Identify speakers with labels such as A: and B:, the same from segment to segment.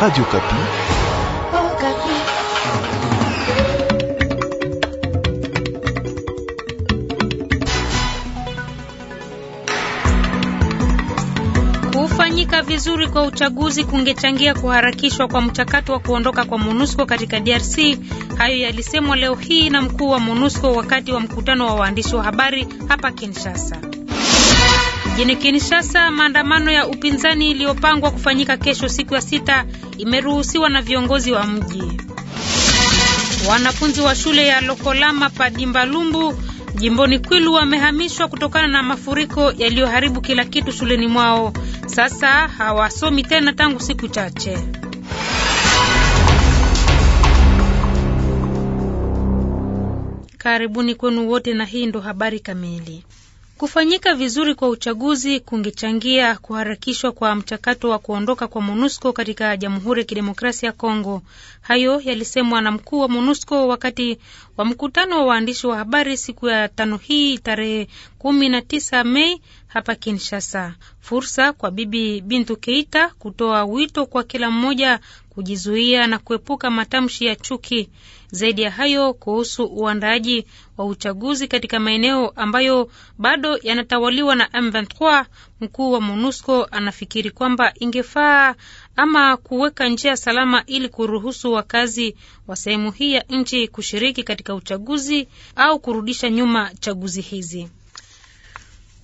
A: Radio Kapi. Oh,
B: Kapi.
C: Kufanyika vizuri kwa uchaguzi kungechangia kuharakishwa kwa mchakato wa kuondoka kwa MONUSCO katika DRC. Hayo yalisemwa leo hii na mkuu wa MONUSCO wakati wa mkutano wa waandishi wa habari hapa Kinshasa. Mjini Kinshasa, maandamano ya upinzani iliyopangwa kufanyika kesho siku ya sita imeruhusiwa na viongozi wa mji. Wanafunzi wa shule ya Lokolama Padimbalumbu jimboni Kwilu wamehamishwa kutokana na mafuriko yaliyoharibu kila kitu shuleni mwao. Sasa hawasomi tena tangu siku chache. Karibuni kwenu wote, na hii ndo habari kamili. Kufanyika vizuri kwa uchaguzi kungechangia kuharakishwa kwa mchakato wa kuondoka kwa MONUSCO katika Jamhuri ya Kidemokrasia ya Kongo. Hayo yalisemwa na mkuu wa MONUSCO wakati wa mkutano wa waandishi wa habari siku ya tano hii tarehe kumi na tisa Mei hapa Kinshasa. Fursa kwa Bibi Bintu Keita kutoa wito kwa kila mmoja kujizuia na kuepuka matamshi ya chuki. Zaidi ya hayo, kuhusu uandaaji wa uchaguzi katika maeneo ambayo bado yanatawaliwa na M23, mkuu wa MONUSCO anafikiri kwamba ingefaa ama kuweka njia salama ili kuruhusu wakazi wa sehemu hii ya nchi kushiriki katika uchaguzi au kurudisha nyuma chaguzi hizi.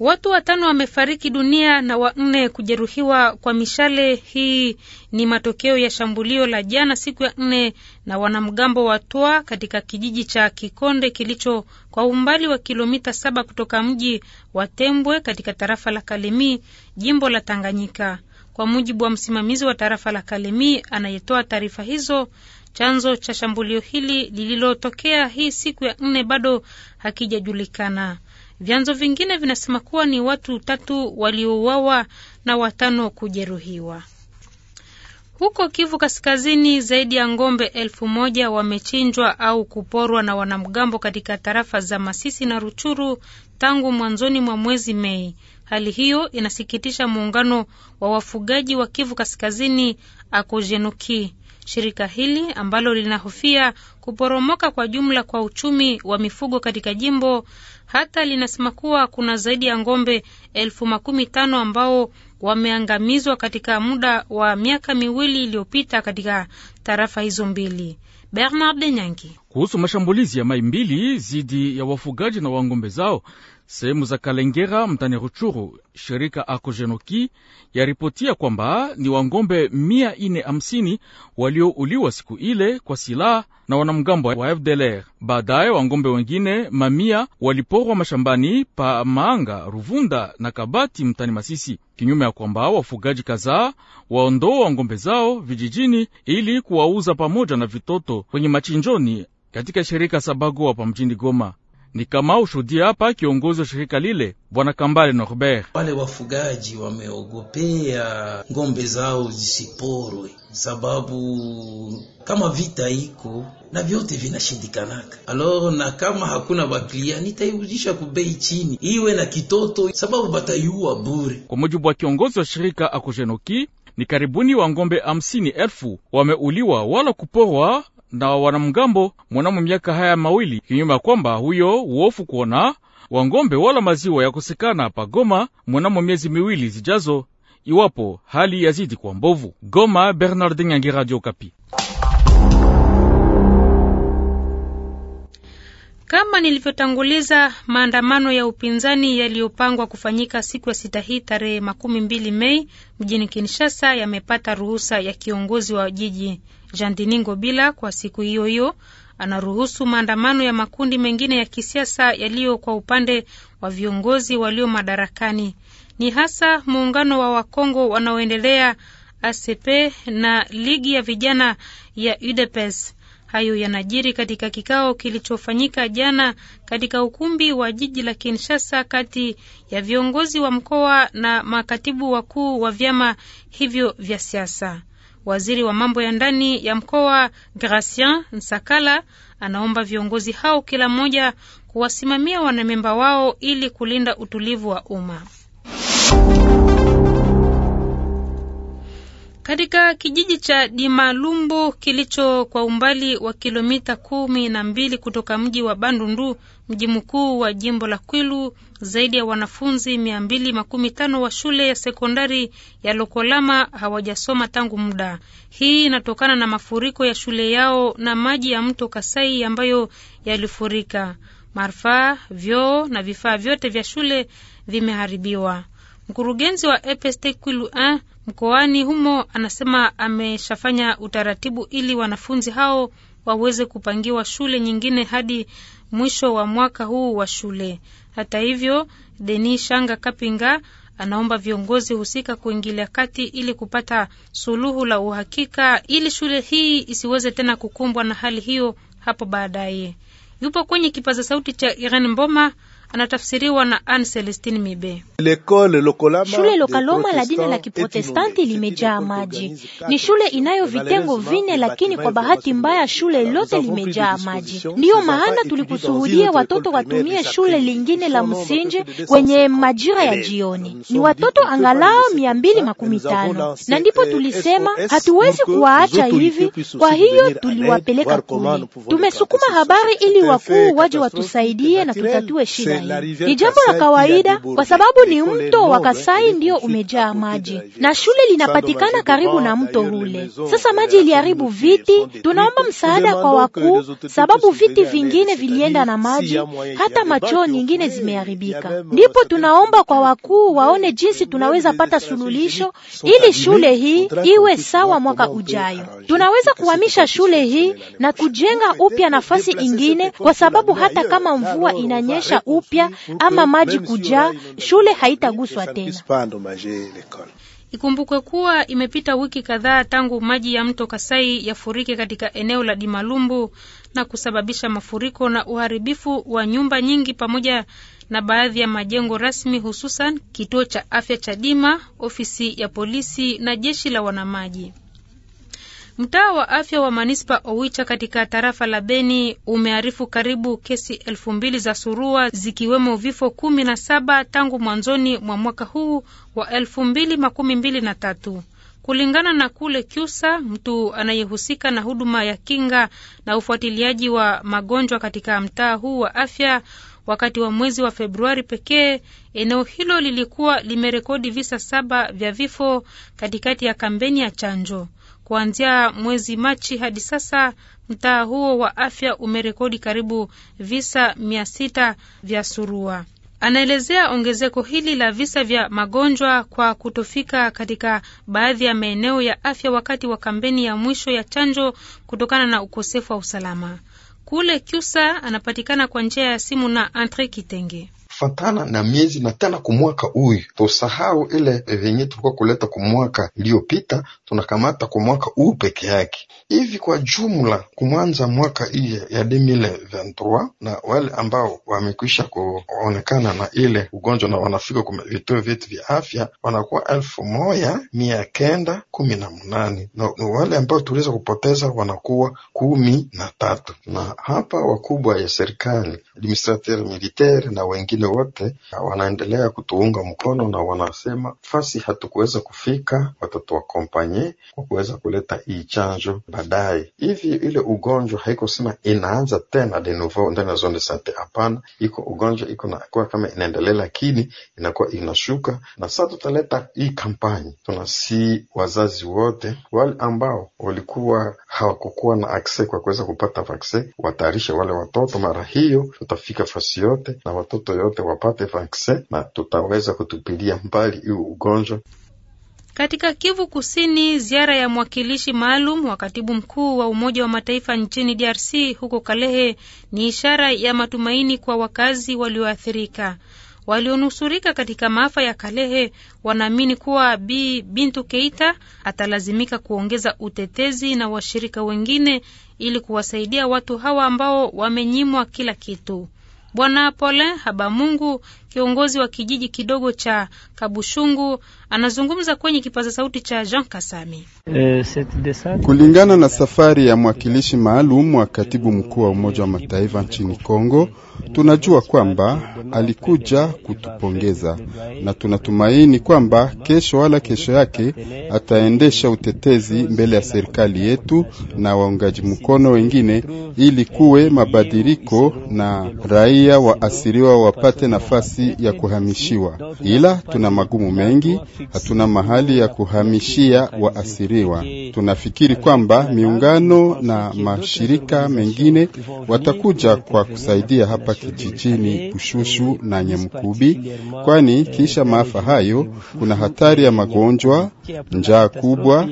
C: Watu watano wamefariki dunia na wanne kujeruhiwa kwa mishale. Hii ni matokeo ya shambulio la jana siku ya nne na wanamgambo wa Twa katika kijiji cha Kikonde kilicho kwa umbali wa kilomita saba kutoka mji wa Tembwe katika tarafa la Kalemi, jimbo la Tanganyika, kwa mujibu wa msimamizi wa tarafa la Kalemi anayetoa taarifa hizo. Chanzo cha shambulio hili lililotokea hii siku ya nne bado hakijajulikana. Vyanzo vingine vinasema kuwa ni watu tatu waliouawa na watano kujeruhiwa. Huko Kivu Kaskazini, zaidi ya ng'ombe elfu moja wamechinjwa au kuporwa na wanamgambo katika tarafa za Masisi na Ruchuru tangu mwanzoni mwa mwezi Mei. Hali hiyo inasikitisha muungano wa wafugaji wa Kivu Kaskazini, Akojenuki. Shirika hili ambalo linahofia kuporomoka kwa jumla kwa uchumi wa mifugo katika jimbo hata linasema kuwa kuna zaidi ya ng'ombe elfu makumi tano ambao wameangamizwa katika muda wa miaka miwili iliyopita katika tarafa hizo mbili. Bernard Nyangi
D: kuhusu mashambulizi ya maimbili zidi ya wafugaji na wangombe zao sehemu za Kalengera mtani Ruchuru, shirika Akojenoki yaripotia kwamba ni wangombe 450 waliouliwa siku ile kwa silaha na wanamgambo wa FDLR. Baadaye wangombe wengine mamia waliporwa mashambani pa Maanga, Ruvunda na Kabati mtani Masisi, kinyume ya kwamba wafugaji kadhaa waondoa wangombe zao vijijini ili kuwauza pamoja na vitoto kwenye machinjoni katika shirika Sabago hapa mjini Goma. Ni kama ushuhudia hapa kiongozi wa shirika lile Bwana Kambale Norbert.
E: Wale wafugaji wameogopea ng'ombe zao zisiporwe, sababu kama vita iko na vyote vinashindikanaka. Alors na kama hakuna baklia, nitaiuzisha kubei chini iwe na kitoto,
D: sababu bataiua bure. Kwa mujibu wa kiongozi wa shirika Akujenoki, ni karibuni wa ng'ombe hamsini elfu wameuliwa wala kuporwa na wanamgambo mwanamo miaka haya mawili, kinyuma, kwamba huyo uofu kuona wangombe wala maziwa yakosekana pa Goma mwanamo miezi miwili zijazo, iwapo hali yazidi kwa mbovu. Goma, Bernard Nyangi, Radio Kapi.
C: Kama nilivyotanguliza, maandamano ya upinzani yaliyopangwa kufanyika siku ya sita hii tarehe makumi mbili Mei mjini Kinshasa yamepata ruhusa ya kiongozi wa jiji. Jandiningo bila kwa siku hiyo hiyo anaruhusu maandamano ya makundi mengine ya kisiasa yaliyo kwa upande wa viongozi walio madarakani. Ni hasa muungano wa Wakongo wanaoendelea ACP na ligi ya vijana ya UDPS. Hayo yanajiri katika kikao kilichofanyika jana katika ukumbi wa jiji la Kinshasa kati ya viongozi wa mkoa na makatibu wakuu wa vyama hivyo vya siasa. Waziri wa mambo ya ndani ya mkoa Gracien Nsakala anaomba viongozi hao kila mmoja kuwasimamia wanamemba wao ili kulinda utulivu wa umma. Katika kijiji cha Dimalumbu kilicho kwa umbali wa kilomita kumi na mbili kutoka mji wa Bandundu, mji mkuu wa jimbo la Kwilu, zaidi ya wanafunzi mia mbili makumi tano wa shule ya sekondari ya Lokolama hawajasoma tangu muda. Hii inatokana na mafuriko ya shule yao na maji ya mto Kasai ambayo yalifurika. marfa vyoo na vifaa vyote vya shule vimeharibiwa. Mkurugenzi wa EPST Kwilu mkoani humo anasema ameshafanya utaratibu ili wanafunzi hao waweze kupangiwa shule nyingine hadi mwisho wa mwaka huu wa shule. Hata hivyo, Denis Shanga Kapinga anaomba viongozi husika kuingilia kati ili kupata suluhu la uhakika ili shule hii isiweze tena kukumbwa na hali hiyo hapo baadaye. Yupo kwenye kipaza sauti cha Irene Mboma anatafsiriwa na Anne Celestine
A: Mibe.
B: Shule Lokaloma la dini la
A: Kiprotestanti limejaa maji. Ni shule inayo vitengo vine, lakini kwa bahati mbaya shule lote limejaa maji. Ndiyo maana tulikusuhudia watoto watumie shule lingine la msinje kwenye majira ya jioni, ni watoto angalau mia mbili makumi tano na ndipo tulisema hatuwezi kuwaacha hivi. Kwa hiyo tuliwapeleka kumi. Tumesukuma habari ili wakuu waje watusaidie na tutatue shida. Ni jambo la kawaida kwa sababu ni mto wa Kasai eh, ndio umejaa maji na shule linapatikana karibu na mto ule. Sasa maji iliharibu viti, tunaomba msaada kwa wakuu, sababu viti vingine vilienda na maji, hata machoo nyingine zimeharibika. Ndipo tunaomba kwa wakuu waone jinsi tunaweza pata suluhisho ili shule hii iwe sawa mwaka ujayo. Tunaweza kuhamisha shule hii na kujenga upya nafasi ingine, kwa sababu hata kama mvua inanyesha upya upya ama maji kujaa, shule haitaguswa tena. Ikumbukwe kuwa imepita wiki kadhaa
C: tangu maji ya mto Kasai yafurike katika eneo la Dimalumbu na kusababisha mafuriko na uharibifu wa nyumba nyingi pamoja na baadhi ya majengo rasmi, hususan kituo cha afya cha Dima, ofisi ya polisi na jeshi la wanamaji. Mtaa wa afya wa manispa Owicha katika tarafa la Beni umearifu karibu kesi elfu mbili za surua zikiwemo vifo kumi na saba tangu mwanzoni mwa mwaka huu wa elfu mbili makumi mbili na tatu kulingana na kule Kyusa, mtu anayehusika na huduma ya kinga na ufuatiliaji wa magonjwa katika mtaa huu wa afya. Wakati wa mwezi wa Februari pekee, eneo hilo lilikuwa limerekodi visa saba vya vifo katikati ya kampeni ya chanjo. Kuanzia mwezi Machi hadi sasa mtaa huo wa afya umerekodi karibu visa mia sita vya surua. Anaelezea ongezeko hili la visa vya magonjwa kwa kutofika katika baadhi ya maeneo ya afya wakati wa kampeni ya mwisho ya chanjo kutokana na ukosefu wa usalama. Kule Kyusa anapatikana kwa njia ya simu na Andre Kitenge
F: kufatana na miezi na tena kumwaka huyu. Tusahau ile eh, venye tulikuwa kuleta kumwaka iliyopita, tunakamata kumwaka huu peke yake. Hivi kwa jumla kumwanza mwaka hii ya 2023 na wale ambao wamekwisha kuonekana na ile ugonjwa na wanafika kwa vituo vyetu vya afya wanakuwa elfu moja mia kenda kumi na mnane na wale ambao tuliweza kupoteza wanakuwa kumi na tatu. Na hapa wakubwa ya serikali administrateur militaire na wengine wote wanaendelea kutuunga mkono, na wanasema fasi hatukuweza kufika, watatuakompanye kwa kuweza kuleta hii chanjo baadaye. Hivi ile ugonjwa haiko sema inaanza tena de nouveau ndani ya zone de sante, hapana. Iko ugonjwa iko nakuwa kama inaendelea, lakini inakuwa inashuka, na sasa tutaleta hii kampanyi tunasi wazazi wote wale ambao walikuwa hawakukuwa na akse kwa kuweza kupata vaksin, watayarishe wale watoto mara hiyo tutafika fasi yote na watoto yote wapate vaksin na tutaweza kutupilia mbali huu ugonjwa.
C: Katika Kivu Kusini, ziara ya mwakilishi maalum wa katibu mkuu wa Umoja wa Mataifa nchini DRC huko Kalehe ni ishara ya matumaini kwa wakazi walioathirika. Walionusurika katika maafa ya Kalehe wanaamini kuwa Bi Bintu Keita atalazimika kuongeza utetezi na washirika wengine ili kuwasaidia watu hawa ambao wamenyimwa kila kitu. Bwana Pole Habamungu kiongozi wa kijiji kidogo cha Kabushungu, anazungumza kwenye kipaza sauti cha Jean Kasami.
B: Eh, Kulingana na safari ya mwakilishi maalum wa katibu mkuu wa Umoja wa Mataifa nchini Kongo, tunajua kwamba alikuja kutupongeza na tunatumaini kwamba kesho wala kesho yake ataendesha utetezi mbele ya serikali yetu na waungaji mkono wengine, ili kuwe mabadiliko na raia waasiriwa wapate nafasi nafasi ya kuhamishiwa, ila tuna magumu mengi, hatuna mahali ya kuhamishia waasiriwa. Tunafikiri kwamba miungano na mashirika mengine watakuja kwa kusaidia hapa kijijini Bushushu na nyemkubi kwani kisha maafa hayo kuna hatari ya magonjwa, njaa kubwa,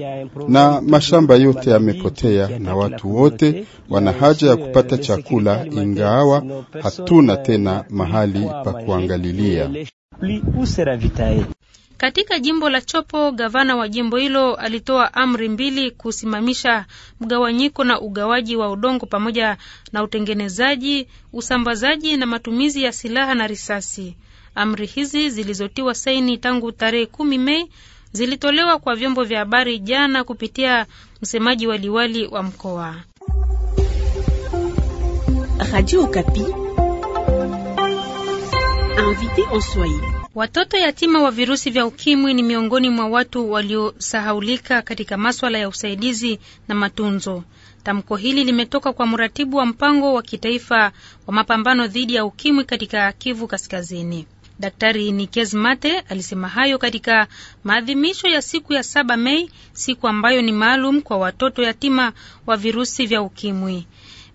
B: na mashamba yote yamepotea na watu wote wana haja ya kupata chakula, ingawa hatuna tena mahali pa kuangalia kupalilia.
C: Katika jimbo la Chopo, gavana wa jimbo hilo alitoa amri mbili kusimamisha mgawanyiko na ugawaji wa udongo pamoja na utengenezaji, usambazaji na matumizi ya silaha na risasi. Amri hizi zilizotiwa saini tangu tarehe kumi Mei zilitolewa kwa vyombo vya habari jana kupitia msemaji wa liwali wa mkoa
A: Radio Invité en Swahili.
C: Watoto yatima wa virusi vya ukimwi ni miongoni mwa watu waliosahaulika katika maswala ya usaidizi na matunzo. Tamko hili limetoka kwa mratibu wa mpango wa kitaifa wa mapambano dhidi ya ukimwi katika Kivu Kaskazini. Daktari Nikes Mate alisema hayo katika maadhimisho ya siku ya saba Mei, siku ambayo ni maalum kwa watoto yatima wa virusi vya ukimwi.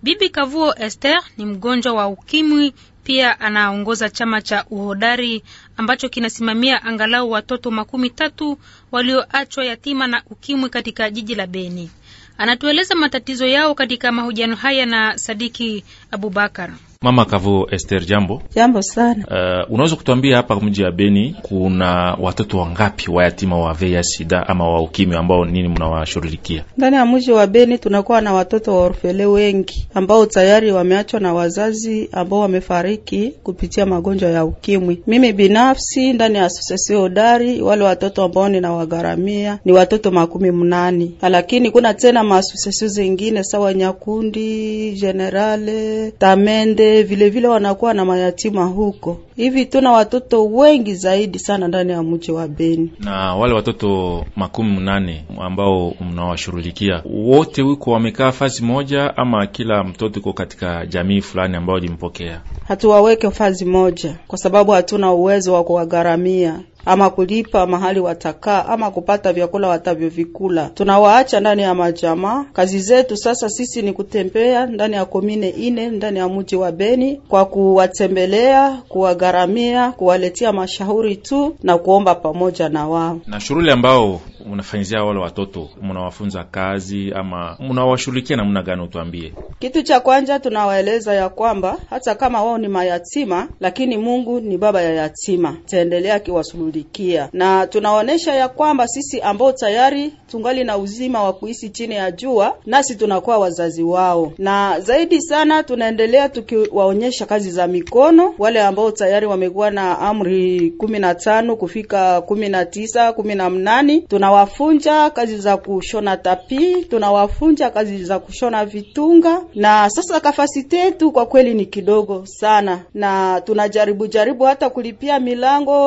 C: Bibi Kavuo Esther ni mgonjwa wa ukimwi pia anaongoza chama cha uhodari ambacho kinasimamia angalau watoto makumi tatu walioachwa yatima na ukimwi katika jiji la Beni. Anatueleza matatizo yao katika mahojiano haya na Sadiki Abubakar.
G: Mama Kavo Esther, jambo.
H: Jambo sana.
G: Uh, unaweza kutuambia hapa mji ya Beni kuna watoto wangapi wa yatima wa VIH sida ama wa ukimwi ambao nini mnawashughulikia?
H: Ndani ya mji wa Beni tunakuwa na watoto wa orfele wengi ambao tayari wameachwa na wazazi ambao wamefariki kupitia magonjwa ya ukimwi. Mimi binafsi ndani ya asosiasio hodari wale watoto ambao ninawagharamia ni watoto makumi mnane, lakini kuna tena maasosiasio zingine sawa Nyakundi, Generale Tamende vilevile vile, vile wanakuwa na mayatima huko. Hivi tuna watoto wengi zaidi sana ndani ya mji wa Beni.
G: Na wale watoto makumi mnane ambao mnawashughulikia wote wiko wamekaa fazi moja, ama kila mtoto uko katika jamii fulani ambayo limpokea?
H: Hatuwaweke fazi moja kwa sababu hatuna uwezo wa kuwagharamia ama kulipa mahali watakaa ama kupata vyakula watavyovikula. Tunawaacha ndani ya majamaa. Kazi zetu sasa sisi ni kutembea ndani ya komine ine ndani ya mji wa Beni kwa kuwatembelea, kuwagharamia, kuwaletea mashauri tu na kuomba pamoja na wao.
G: Na shughuli ambao unafanyizia wale watoto, mnawafunza kazi ama mnawashughulikia namna gani? Utuambie
H: kitu cha kwanza. Tunawaeleza ya kwamba hata kama wao ni mayatima, lakini Mungu ni baba ya yatima, taendelea kiwasu kushughulikia, na tunaonyesha ya kwamba sisi ambao tayari tungali na uzima wa kuishi chini ya jua, nasi tunakuwa wazazi wao, na zaidi sana tunaendelea tukiwaonyesha kazi za mikono, wale ambao tayari wamekuwa na amri kumi na tano kufika kumi na tisa kumi na mnane tunawafunja kazi za kushona tapi, tunawafunja kazi za kushona vitunga, na sasa kafasiti yetu kwa kweli ni kidogo sana, na tunajaribu jaribu hata kulipia milango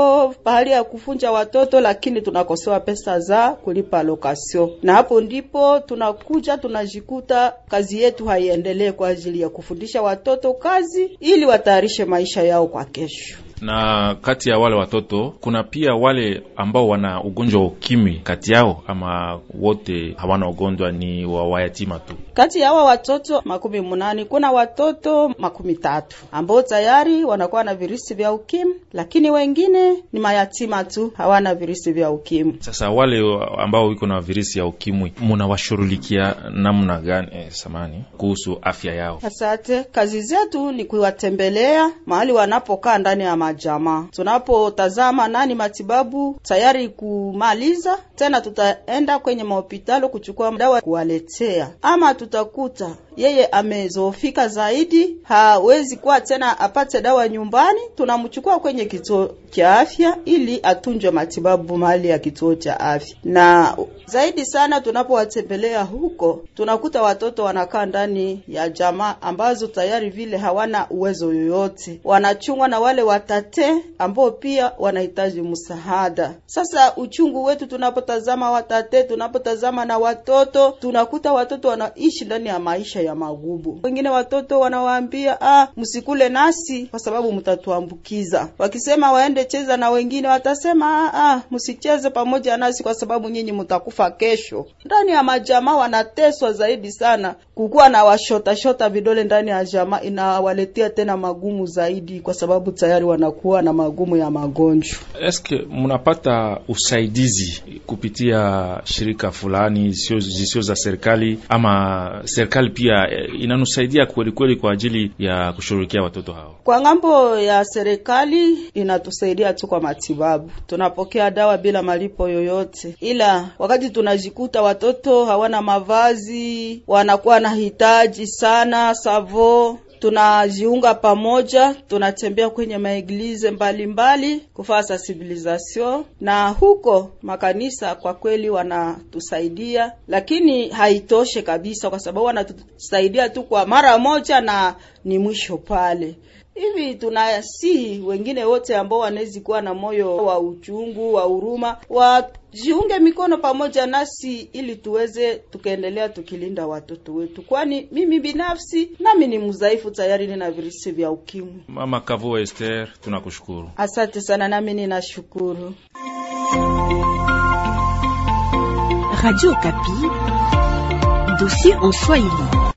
H: pahali habari ya kufunja watoto, lakini tunakosewa pesa za kulipa lokasio, na hapo ndipo tunakuja tunajikuta kazi yetu haiendelee kwa ajili ya kufundisha watoto kazi ili watayarishe maisha yao kwa kesho
G: na kati ya wale watoto kuna pia wale ambao wana ugonjwa wa ukimwi kati yao, ama wote hawana ugonjwa, ni wa wayatima tu.
H: Kati ya hawa watoto makumi munani kuna watoto makumi tatu ambao tayari wanakuwa na virusi vya ukimwi, lakini wengine ni mayatima tu, hawana virusi vya ukimwi.
G: Sasa wale ambao wiko na virusi ya ukimwi munawashughulikia namna gani? Eh, samani kuhusu afya yao.
H: Asante. Kazi zetu ni kuwatembelea mahali wanapokaa ndani ya jamaa Tunapotazama nani matibabu tayari kumaliza tena, tutaenda kwenye mahopitalo kuchukua dawa kuwaletea, ama tutakuta yeye amezofika zaidi, hawezi kuwa tena apate dawa nyumbani, tunamchukua kwenye kituo afya ili atunjwe matibabu mahali ya kituo cha afya. Na zaidi sana tunapowatembelea huko, tunakuta watoto wanakaa ndani ya jamaa ambazo tayari vile hawana uwezo yoyote, wanachungwa na wale watate ambao pia wanahitaji msaada. Sasa uchungu wetu tunapotazama watate, tunapotazama na watoto, tunakuta watoto wanaishi ndani ya maisha ya magubu. Wengine watoto wanawaambia ah, msikule nasi kwa sababu mtatuambukiza, wakisema waende ende cheza na wengine, watasema ah, ah, msicheze pamoja nasi kwa sababu nyinyi mtakufa kesho. Ndani ya majamaa wanateswa zaidi sana, kukuwa na washota shota vidole ndani ya jamaa inawaletea tena magumu zaidi, kwa sababu tayari wanakuwa na magumu ya magonjwa.
G: Eske mnapata usaidizi kupitia shirika fulani zisizo za serikali ama serikali pia eh, inanusaidia kweli kweli kwa ajili ya kushughulikia watoto hao?
H: Kwa ngambo ya serikali inatusaidia tunasaidia tu kwa matibabu. Tunapokea dawa bila malipo yoyote, ila wakati tunajikuta watoto hawana mavazi, wanakuwa na hitaji sana savo tunajiunga pamoja, tunatembea kwenye maeglize mbalimbali kufaa sensibilisation, na huko makanisa kwa kweli wanatusaidia, lakini haitoshe kabisa, kwa sababu wanatusaidia tu kwa mara moja na ni mwisho pale. Hivi tunasihi wengine wote ambao wanawezi kuwa na moyo wa uchungu wa huruma wajiunge mikono pamoja nasi, ili tuweze tukaendelea tukilinda watoto wetu, kwani mimi binafsi nami ni mdhaifu tayari, nina virusi vya ukimwi.
G: Mama Kavua Esther, tunakushukuru,
H: asante sana. Nami ninashukuru
A: Radio Kapi, dossier en Swahili.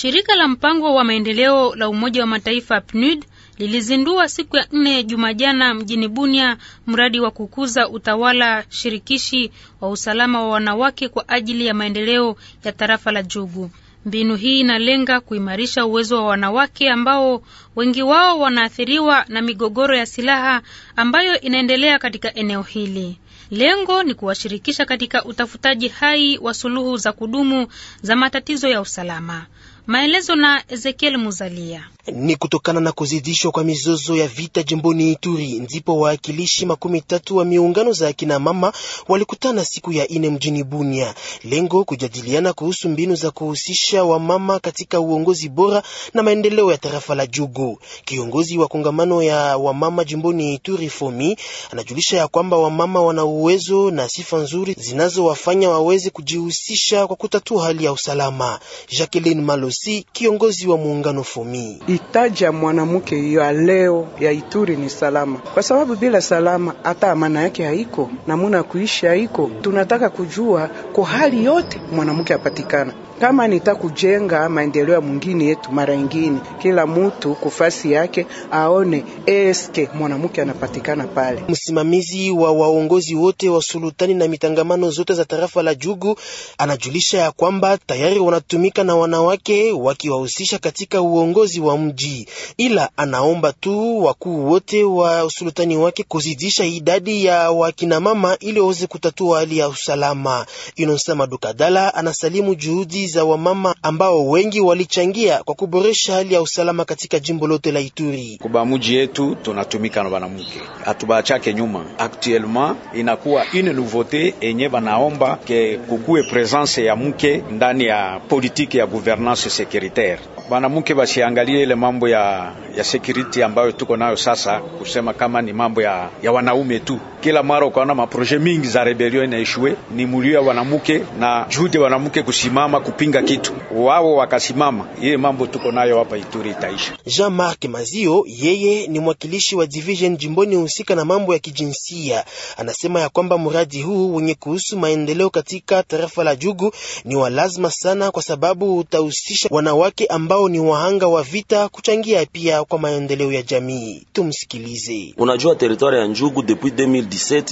C: Shirika la mpango wa maendeleo la Umoja wa Mataifa PNUD lilizindua siku ya nne Jumajana mjini Bunia mradi wa kukuza utawala shirikishi wa usalama wa wanawake kwa ajili ya maendeleo ya tarafa la Jugu. Mbinu hii inalenga kuimarisha uwezo wa wanawake ambao wengi wao wanaathiriwa na migogoro ya silaha ambayo inaendelea katika eneo hili. Lengo ni kuwashirikisha katika utafutaji hai wa suluhu za kudumu za matatizo ya usalama. Maelezo na Ezekiel Muzalia.
E: Ni kutokana na kuzidishwa kwa mizozo ya vita jimboni Ituri ndipo waakilishi makumi tatu wa miungano za akina mama walikutana siku ya ine mjini Bunia, lengo kujadiliana kuhusu mbinu za kuhusisha wamama katika uongozi bora na maendeleo ya tarafa la Jugu. Kiongozi wa kongamano ya wamama jimboni Ituri Fomi anajulisha ya kwamba wamama wana uwezo na sifa nzuri zinazowafanya waweze kujihusisha kwa kutatua hali ya usalama. Jacqueline Malosi, kiongozi wa muungano Fomi hitaji ya mwanamke ya leo ya Ituri ni salama, kwa sababu bila salama hata amana yake haiko, namuna ya kuishi haiko. Tunataka kujua kwa hali yote mwanamke apatikana kama nitakujenga maendeleo mwingine yetu, mara nyingine kila mtu kufasi yake aone eske mwanamke anapatikana pale. Msimamizi wa waongozi wote wa sultani na mitangamano zote za tarafa la Jugu anajulisha ya kwamba tayari wanatumika na wanawake wakiwahusisha katika uongozi wa mji, ila anaomba tu wakuu wote wa sultani wake kuzidisha idadi ya wakinamama ili waweze kutatua hali ya usalama. Inosa Madukadala anasalimu juhudi za wamama ambao wengi walichangia kwa kuboresha hali ya usalama katika jimbo lote la Ituri.
D: Kubamuji yetu tunatumika na wanamke, hatubachake nyuma. Actuellement inakuwa une nouveauté enye banaomba ke kukue presence ya mke ndani ya politiki ya gouvernance securitaire. banamuke basiangalie ile mambo ya, ya security ambayo tuko nayo sasa, kusema kama ni mambo ya, ya wanaume tu kila mara ukaona maproje mingi za rebelio inaishue ni mulio ya wanamuke na juhudi wanamuke kusimama kupinga kitu, wao wakasimama. Ile mambo tuko nayo hapa Ituri itaisha.
E: Jean Marc Mazio yeye ni mwakilishi wa division jimboni husika na mambo ya kijinsia, anasema ya kwamba mradi huu wenye kuhusu maendeleo katika tarafa la Jugu ni wa lazima sana, kwa sababu utahusisha wanawake ambao ni wahanga wa vita kuchangia pia kwa maendeleo ya jamii. Tumsikilize.
G: Unajua, territoire ya Njugu depuis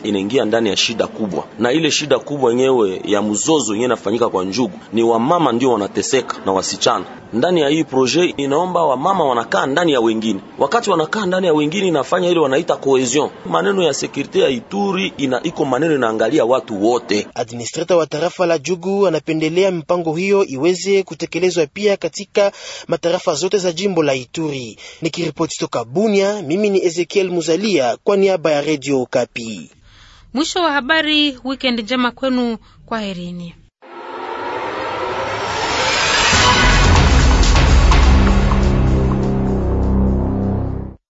G: inaingia ndani ya shida kubwa, na ile shida kubwa yenyewe ya mzozo yenyewe inafanyika kwa njugu, ni wamama ndio wanateseka na wasichana. Ndani ya hii projet inaomba wamama wanakaa ndani ya wengine, wakati wanakaa ndani ya wengine inafanya ile wanaita cohesion. Maneno ya sekurite ya Ituri ina iko maneno inaangalia watu wote.
E: Administrator wa tarafa la Jugu anapendelea mpango hiyo iweze kutekelezwa pia katika matarafa zote za jimbo la Ituri. Nikiripoti toka Bunia, mimi ni Ezekiel Muzalia kwa niaba ya Radio Okapi.
C: Mwisho wa habari. wikend njema kwenu, kwaherini.